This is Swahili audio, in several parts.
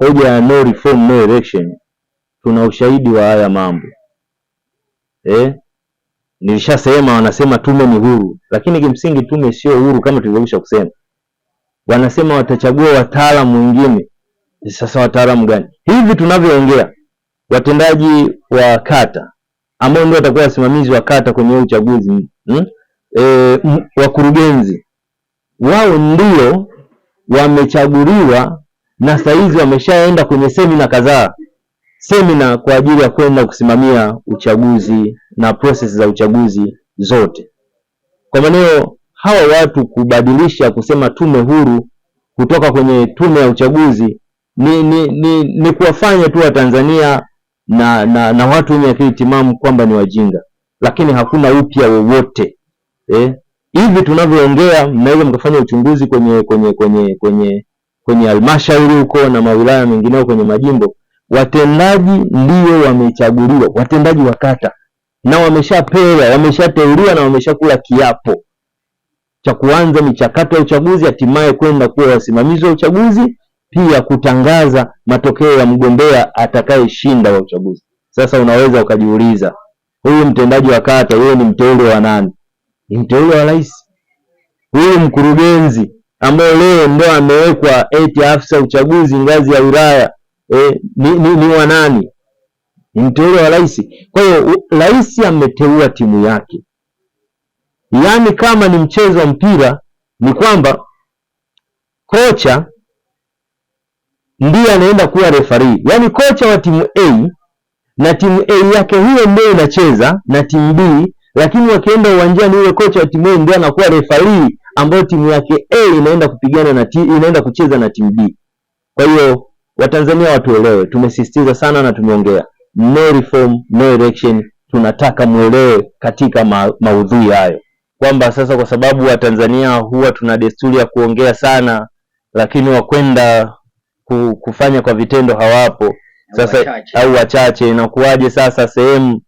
hoja ya no reform no election, tuna ushahidi wa haya mambo eh? Nilishasema, wanasema tume ni huru, lakini kimsingi tume sio huru kama tulivyokwisha kusema. Wanasema watachagua wataalamu wengine. Sasa wataalamu gani? Hivi tunavyoongea watendaji wa kata ambao ndio watakuwa wasimamizi wa kata kwenye uchaguzi hmm? E, wakurugenzi wao ndio wamechaguliwa na saizi wameshaenda kwenye semina kadhaa, semina kwa ajili ya kwenda kusimamia uchaguzi na process za uchaguzi zote. Kwa maneno hawa watu kubadilisha kusema tume huru kutoka kwenye tume ya uchaguzi ni, ni, ni, ni kuwafanya tu Watanzania na, na, na watu wenye akili timamu kwamba ni wajinga, lakini hakuna upya wowote eh? Hivi tunavyoongea mnaweza mkafanya uchunguzi kwenye kwenye kwenye kwenye kwenye halmashauri huko na mawilaya mengineo kwenye majimbo, watendaji ndio wamechaguliwa, watendaji wa kata, na wameshapewa, wameshateuliwa na wameshakula kiapo cha kuanza michakato ya uchaguzi, hatimaye kwenda kuwa wasimamizi wa uchaguzi, pia kutangaza matokeo ya mgombea atakayeshinda wa uchaguzi. Sasa unaweza ukajiuliza, huyu mtendaji wa kata, huyo ni mteule wa nani? Ni mteule wa rais. Huyu mkurugenzi ambayo leo ndo amewekwa eti afisa uchaguzi ngazi ya wilaya e, ni, ni, ni wa nani? Ni mteule wa rais. Kwa hiyo rais ameteua timu yake, yaani kama ni mchezo wa mpira ni kwamba kocha ndiye anaenda kuwa refari, yaani kocha wa timu A na timu A yake hiyo ndio inacheza na timu B, lakini wakienda uwanjani, yule kocha wa timu A ndiye anakuwa refari ambayo timu yake A inaenda kupigana na timu, inaenda kucheza na timu B. Kwa hiyo Watanzania watuelewe, tumesisitiza sana na tumeongea no reform, no election. Tunataka mwelewe katika ma, maudhui hayo kwamba sasa, kwa sababu Watanzania huwa tuna desturi ya kuongea sana, lakini wakwenda kufanya kwa vitendo hawapo sasa wachache, au wachache. Inakuwaje sasa sehemu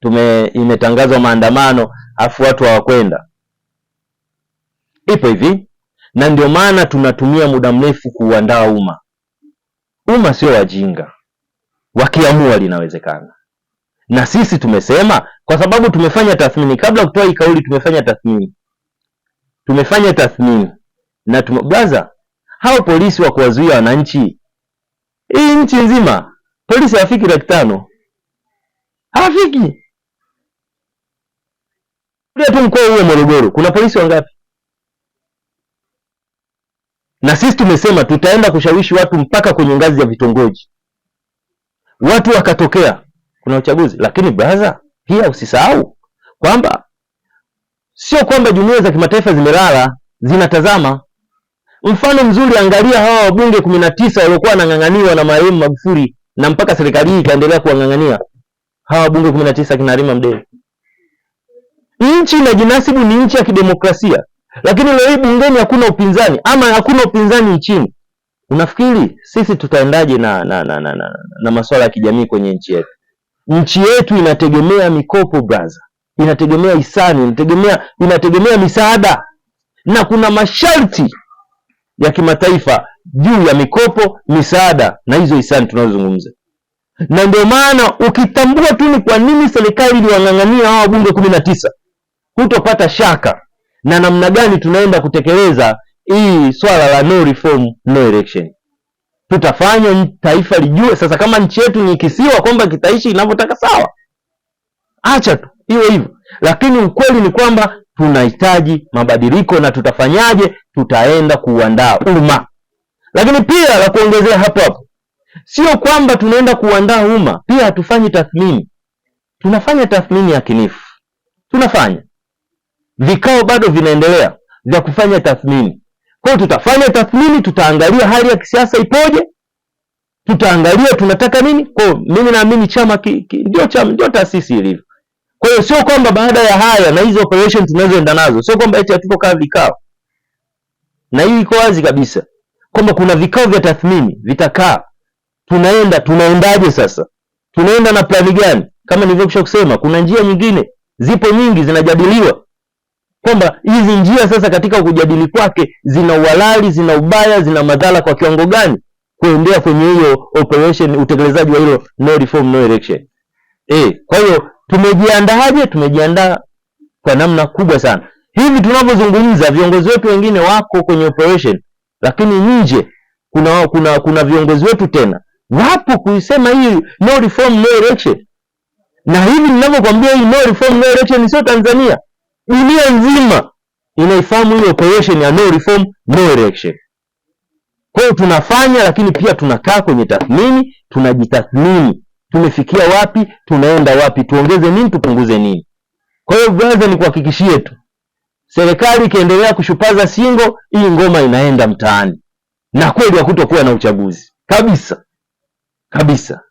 tume imetangazwa maandamano afu watu hawakwenda? ipo hivi, na ndio maana tunatumia muda mrefu kuuandaa umma. Umma sio wajinga, wakiamua linawezekana. Na sisi tumesema kwa sababu tumefanya tathmini kabla kutoa hii kauli, tumefanya tathmini, tumefanya tathmini na tume... blaza hao polisi wa kuwazuia wananchi, hii nchi nzima polisi hafiki laki tano, hafiki tu mkoa huo Morogoro kuna polisi wangapi? na sisi tumesema tutaenda kushawishi watu mpaka kwenye ngazi ya vitongoji, watu wakatokea kuna uchaguzi. Lakini brother, pia usisahau kwamba sio kwamba jumuiya za kimataifa zimelala, zinatazama. Mfano mzuri, angalia hawa wabunge kumi na tisa waliokuwa wanang'ang'aniwa na marehemu Magufuli na mpaka serikali hii ikaendelea kuwang'ang'ania hawa wabunge kumi na tisa kina Halima mdeli Nchi jinasibu ni nchi ya kidemokrasia, lakini leo hii bungeni hakuna upinzani ama hakuna upinzani nchini. Unafikiri sisi tutaendaje na, na, na, na, na, na masuala ya kijamii kwenye nchi yetu? Nchi yetu inategemea mikopo braza, inategemea hisani, inategemea inategemea misaada, na kuna masharti ya kimataifa juu ya mikopo, misaada na hizo hisani tunazozungumza. Na ndio maana ukitambua tu ni kwa nini serikali iliwang'ang'ania hawa bunge kumi na tisa, hutopata shaka na namna gani tunaenda kutekeleza hii swala la no reform no election. Tutafanya taifa lijue sasa kama nchi yetu ni kisiwa kwamba kitaishi inavyotaka, sawa, acha tu iwe hivyo, lakini ukweli ni kwamba tunahitaji mabadiliko, na tutafanyaje? Tutaenda kuuandaa umma. Lakini pia la kuongezea hapo hapo, sio kwamba tunaenda kuuandaa umma, pia hatufanyi tathmini. Tunafanya tathmini yakinifu, tunafanya vikao bado vinaendelea vya kufanya tathmini. Kwa hiyo tutafanya tathmini, tutaangalia hali ya kisiasa ipoje, tutaangalia tunataka nini. Kwa hiyo mimi naamini chama ki, ki, ndio chama ndio taasisi ilivyo. Kwa hiyo sio kwamba baada ya haya na hizo operation tunazoenda nazo, sio kwamba eti hatuko kaa vikao, na hii iko wazi kabisa kwamba kuna vikao vya tathmini vitakaa, tunaenda tunaendaje sasa, tunaenda na plani gani? Kama nilivyokusha kusema, kuna njia nyingine, zipo nyingi zinajadiliwa kwamba hizi njia sasa katika kujadili kwake zina uhalali, zina ubaya, zina madhara kwa kiwango gani kuendea kwenye hiyo operation, utekelezaji wa hilo no reform no election. Eh, kwa hiyo tumejiandaaje? Tumejiandaa kwa namna kubwa sana. Hivi tunavyozungumza viongozi wetu wengine wako kwenye operation, lakini nje kuna kuna kuna viongozi wetu tena wapo kuisema hii no reform no election, na hivi ninavyokwambia hii no reform no election sio Tanzania dunia nzima inaifahamu hii operation ya no reform no election. Kwa hiyo tunafanya, lakini pia tunakaa kwenye tathmini, tunajitathmini, tumefikia wapi, tunaenda wapi, tuongeze nini, tupunguze nini. Kwa hiyo brother, kuhakikishie tu serikali ikiendelea kushupaza singo, hii ngoma inaenda mtaani, na kweli hakutokuwa na uchaguzi kabisa kabisa.